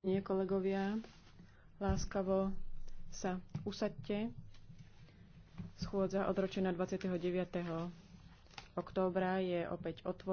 Nie, kolegovia, láskavo sa usaďte. Schôdza odročená 29. októbra je opäť otvorená.